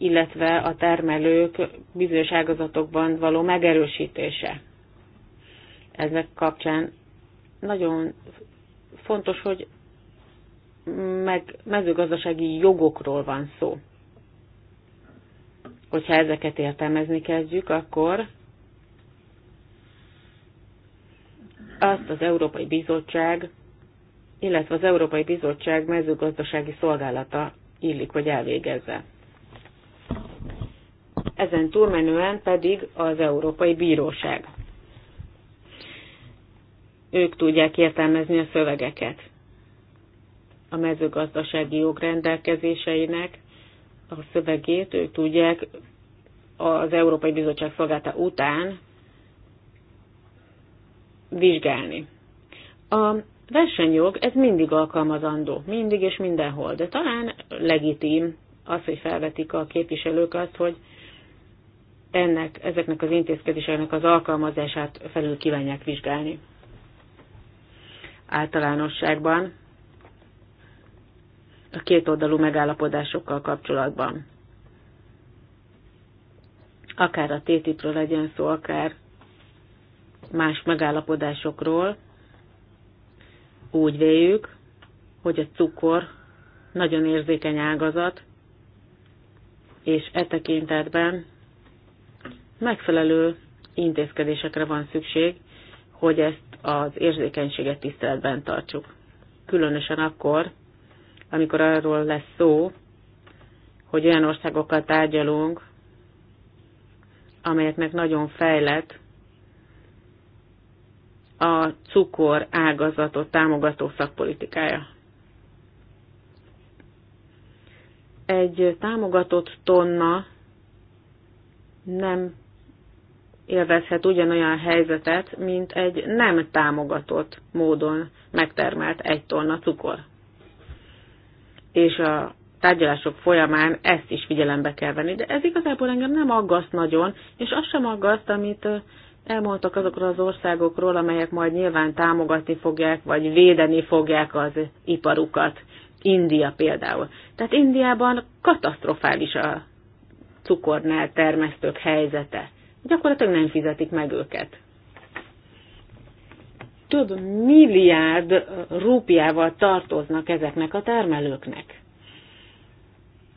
illetve a termelők bizonyos ágazatokban való megerősítése. Ezek kapcsán nagyon fontos, hogy meg mezőgazdasági jogokról van szó. Hogyha ezeket értelmezni kezdjük, akkor azt az Európai Bizottság, illetve az Európai Bizottság mezőgazdasági szolgálata illik, hogy elvégezze ezen túlmenően pedig az Európai Bíróság. Ők tudják értelmezni a szövegeket. A mezőgazdasági jog rendelkezéseinek a szövegét ők tudják az Európai Bizottság szolgálta után vizsgálni. A versenyjog, ez mindig alkalmazandó, mindig és mindenhol, de talán legitim az, hogy felvetik a képviselők azt, hogy ennek, ezeknek az intézkedéseknek az alkalmazását felül kívánják vizsgálni. Általánosságban a kétoldalú megállapodásokkal kapcsolatban. Akár a TTIP-ről legyen szó, akár más megállapodásokról, úgy véljük, hogy a cukor nagyon érzékeny ágazat, és e tekintetben megfelelő intézkedésekre van szükség, hogy ezt az érzékenységet tiszteletben tartsuk. Különösen akkor, amikor arról lesz szó, hogy olyan országokkal tárgyalunk, amelyeknek nagyon fejlett a cukor ágazatot támogató szakpolitikája. Egy támogatott tonna nem élvezhet ugyanolyan helyzetet, mint egy nem támogatott módon megtermelt egy tonna cukor. És a tárgyalások folyamán ezt is figyelembe kell venni, de ez igazából engem nem aggaszt nagyon, és az sem aggaszt, amit elmondtak azokról az országokról, amelyek majd nyilván támogatni fogják, vagy védeni fogják az iparukat. India például. Tehát Indiában katasztrofális a cukornál termesztők helyzete gyakorlatilag nem fizetik meg őket. Több milliárd rúpiával tartoznak ezeknek a termelőknek.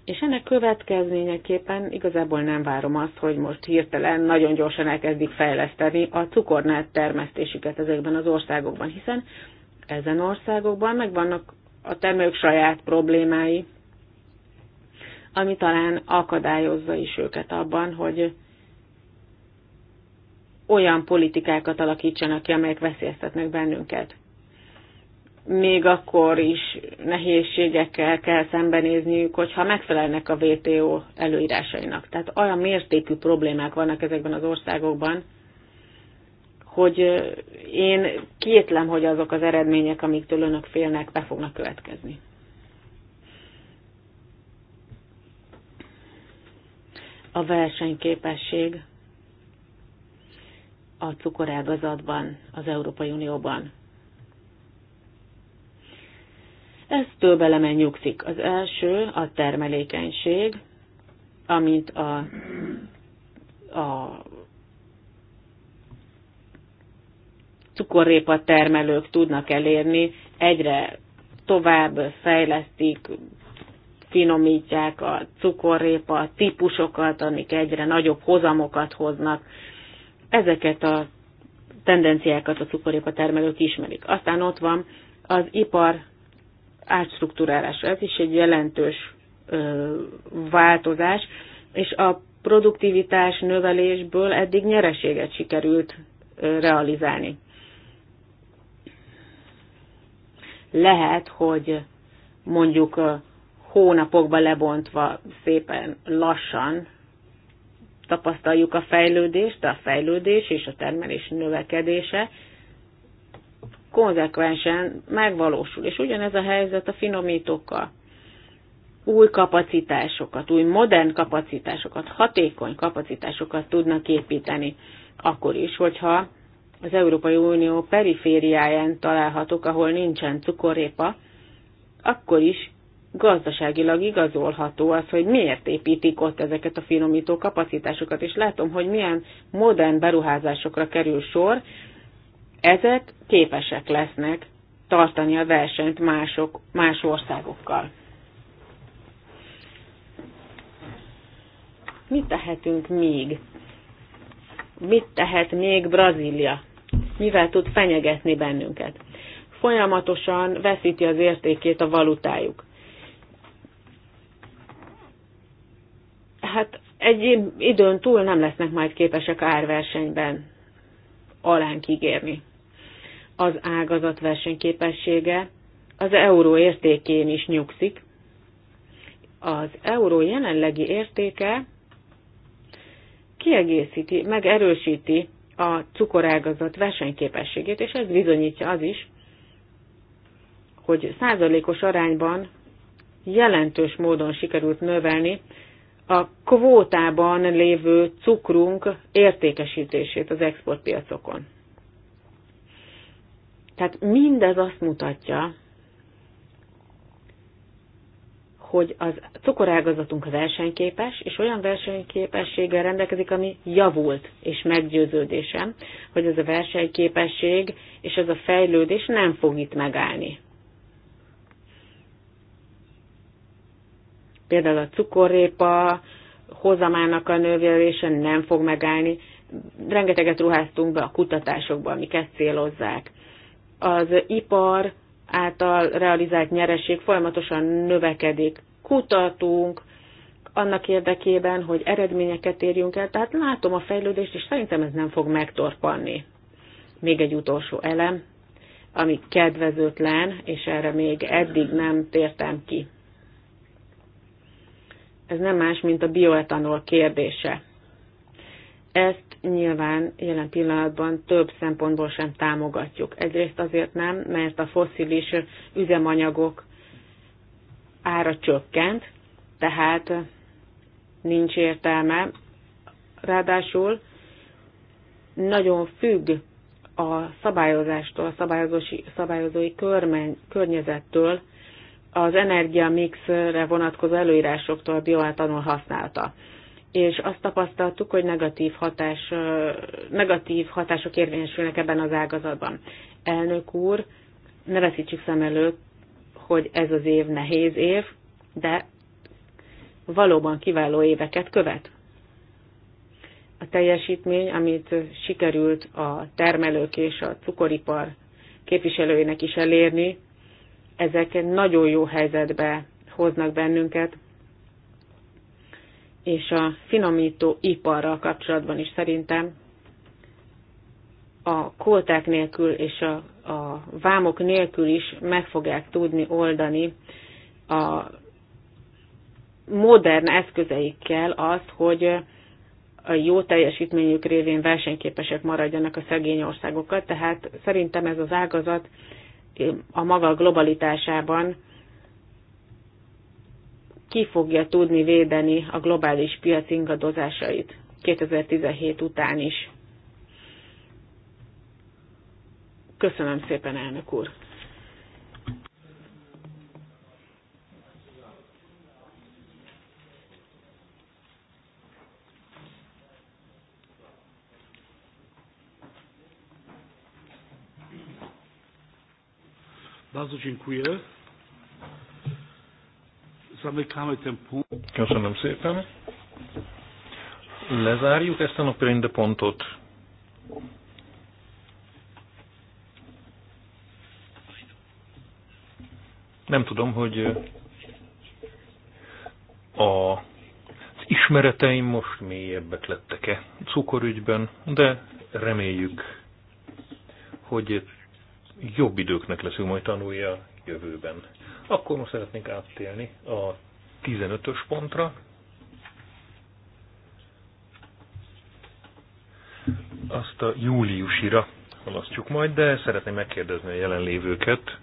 És ennek következményeképpen igazából nem várom azt, hogy most hirtelen nagyon gyorsan elkezdik fejleszteni a cukornát termesztésüket ezekben az országokban, hiszen ezen országokban megvannak a termelők saját problémái, ami talán akadályozza is őket abban, hogy olyan politikákat alakítsanak ki, amelyek veszélyeztetnek bennünket. Még akkor is nehézségekkel kell szembenézniük, hogyha megfelelnek a WTO előírásainak. Tehát olyan mértékű problémák vannak ezekben az országokban, hogy én kétlem, hogy azok az eredmények, amiktől önök félnek, be fognak következni. A versenyképesség a cukorágazatban az Európai Unióban. Ez több elemen nyugszik. Az első a termelékenység, amit a, a cukorrépa termelők tudnak elérni, egyre tovább fejlesztik, finomítják a cukorrépa típusokat, amik egyre nagyobb hozamokat hoznak, Ezeket a tendenciákat a cukorépa termelők ismerik. Aztán ott van az ipar átstruktúrálása. Ez is egy jelentős ö, változás, és a produktivitás növelésből eddig nyereséget sikerült ö, realizálni. Lehet, hogy mondjuk hónapokba lebontva szépen lassan tapasztaljuk a fejlődést, de a fejlődés és a termelés növekedése konzekvensen megvalósul. És ugyanez a helyzet a finomítókkal. Új kapacitásokat, új modern kapacitásokat, hatékony kapacitásokat tudnak építeni. Akkor is, hogyha az Európai Unió perifériáján találhatók, ahol nincsen cukorépa, akkor is gazdaságilag igazolható az, hogy miért építik ott ezeket a finomító kapacitásokat, és látom, hogy milyen modern beruházásokra kerül sor, ezek képesek lesznek tartani a versenyt mások, más országokkal. Mit tehetünk még? Mit tehet még Brazília? Mivel tud fenyegetni bennünket? Folyamatosan veszíti az értékét a valutájuk hát egy időn túl nem lesznek majd képesek árversenyben alánk ígérni. Az ágazat versenyképessége az euró értékén is nyugszik. Az euró jelenlegi értéke kiegészíti, meg erősíti a cukorágazat versenyképességét, és ez bizonyítja az is, hogy százalékos arányban jelentős módon sikerült növelni a kvótában lévő cukrunk értékesítését az exportpiacokon. Tehát mindez azt mutatja, hogy az cukorágazatunk versenyképes, és olyan versenyképességgel rendelkezik, ami javult, és meggyőződésem, hogy ez a versenyképesség és ez a fejlődés nem fog itt megállni. például a cukorrépa hozamának a növelése nem fog megállni. Rengeteget ruháztunk be a kutatásokba, amik ezt célozzák. Az ipar által realizált nyereség folyamatosan növekedik. Kutatunk annak érdekében, hogy eredményeket érjünk el, tehát látom a fejlődést, és szerintem ez nem fog megtorpanni. Még egy utolsó elem, ami kedvezőtlen, és erre még eddig nem tértem ki. Ez nem más, mint a bioetanol kérdése. Ezt nyilván jelen pillanatban több szempontból sem támogatjuk. Egyrészt azért nem, mert a foszilis üzemanyagok ára csökkent, tehát nincs értelme. Ráadásul nagyon függ a szabályozástól, a szabályozói körmen, környezettől az energiamixre vonatkozó előírásoktól bioáltanul használta, És azt tapasztaltuk, hogy negatív, hatás, negatív hatások érvényesülnek ebben az ágazatban. Elnök úr, ne veszítsük szem előtt, hogy ez az év nehéz év, de valóban kiváló éveket követ. A teljesítmény, amit sikerült a termelők és a cukoripar képviselőinek is elérni, ezek nagyon jó helyzetbe hoznak bennünket, és a finomító iparral kapcsolatban is szerintem a kolták nélkül és a, a vámok nélkül is meg fogják tudni oldani a modern eszközeikkel azt, hogy a jó teljesítményük révén versenyképesek maradjanak a szegény országokat, tehát szerintem ez az ágazat a maga globalitásában ki fogja tudni védeni a globális piac ingadozásait 2017 után is. Köszönöm szépen, elnök úr! bardzo dziękuję. Zamykamy ten punkt. Köszönöm szépen. Lezárjuk ezt a napirendi pontot. Nem tudom, hogy a, az ismereteim most mélyebbek lettek-e cukorügyben, de reméljük, hogy jobb időknek leszünk majd tanulja a jövőben. Akkor most szeretnénk áttélni a 15-ös pontra. Azt a júliusira halasztjuk majd, de szeretném megkérdezni a jelenlévőket,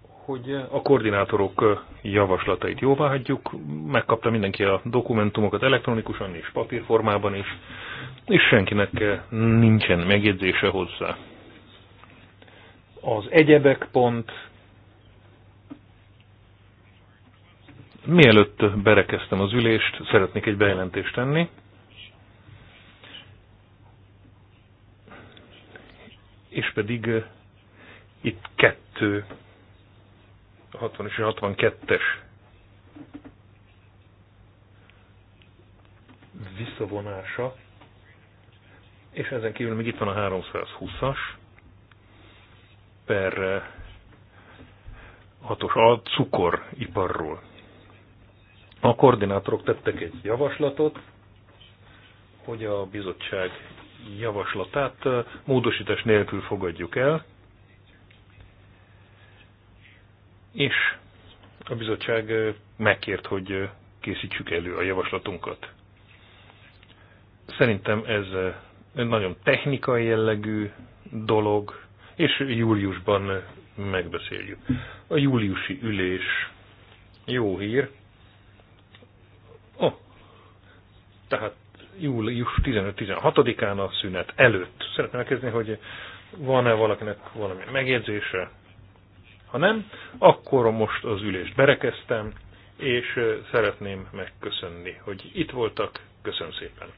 hogy a koordinátorok javaslatait jóvá hagyjuk. Megkapta mindenki a dokumentumokat elektronikusan és papírformában is és senkinek nincsen megjegyzése hozzá. Az egyebek pont, mielőtt berekeztem az ülést, szeretnék egy bejelentést tenni. És pedig eh, itt kettő, 60 és 62-es visszavonása és ezen kívül még itt van a 320-as per eh, hatos a cukoriparról. A koordinátorok tettek egy javaslatot, hogy a bizottság javaslatát eh, módosítás nélkül fogadjuk el, és a bizottság eh, megkért, hogy készítsük elő a javaslatunkat. Szerintem ez nagyon technikai jellegű dolog, és júliusban megbeszéljük. A júliusi ülés jó hír. Oh, tehát július 15-16-án a szünet előtt. Szeretném kezdeni hogy van-e valakinek valami megjegyzése? Ha nem, akkor most az ülést berekeztem, és szeretném megköszönni, hogy itt voltak. Köszönöm szépen!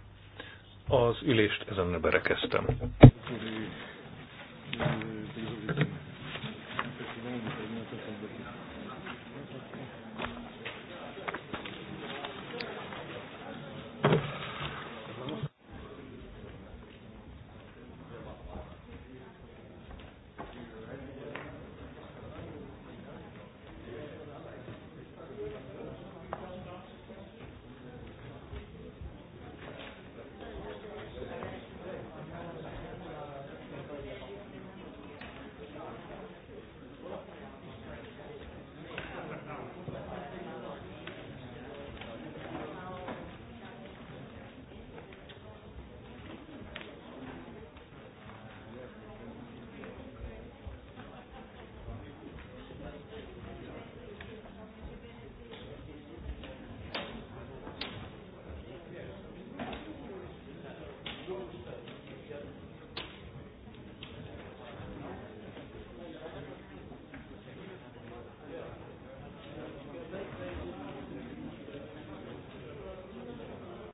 Az ülést ezen berekeztem.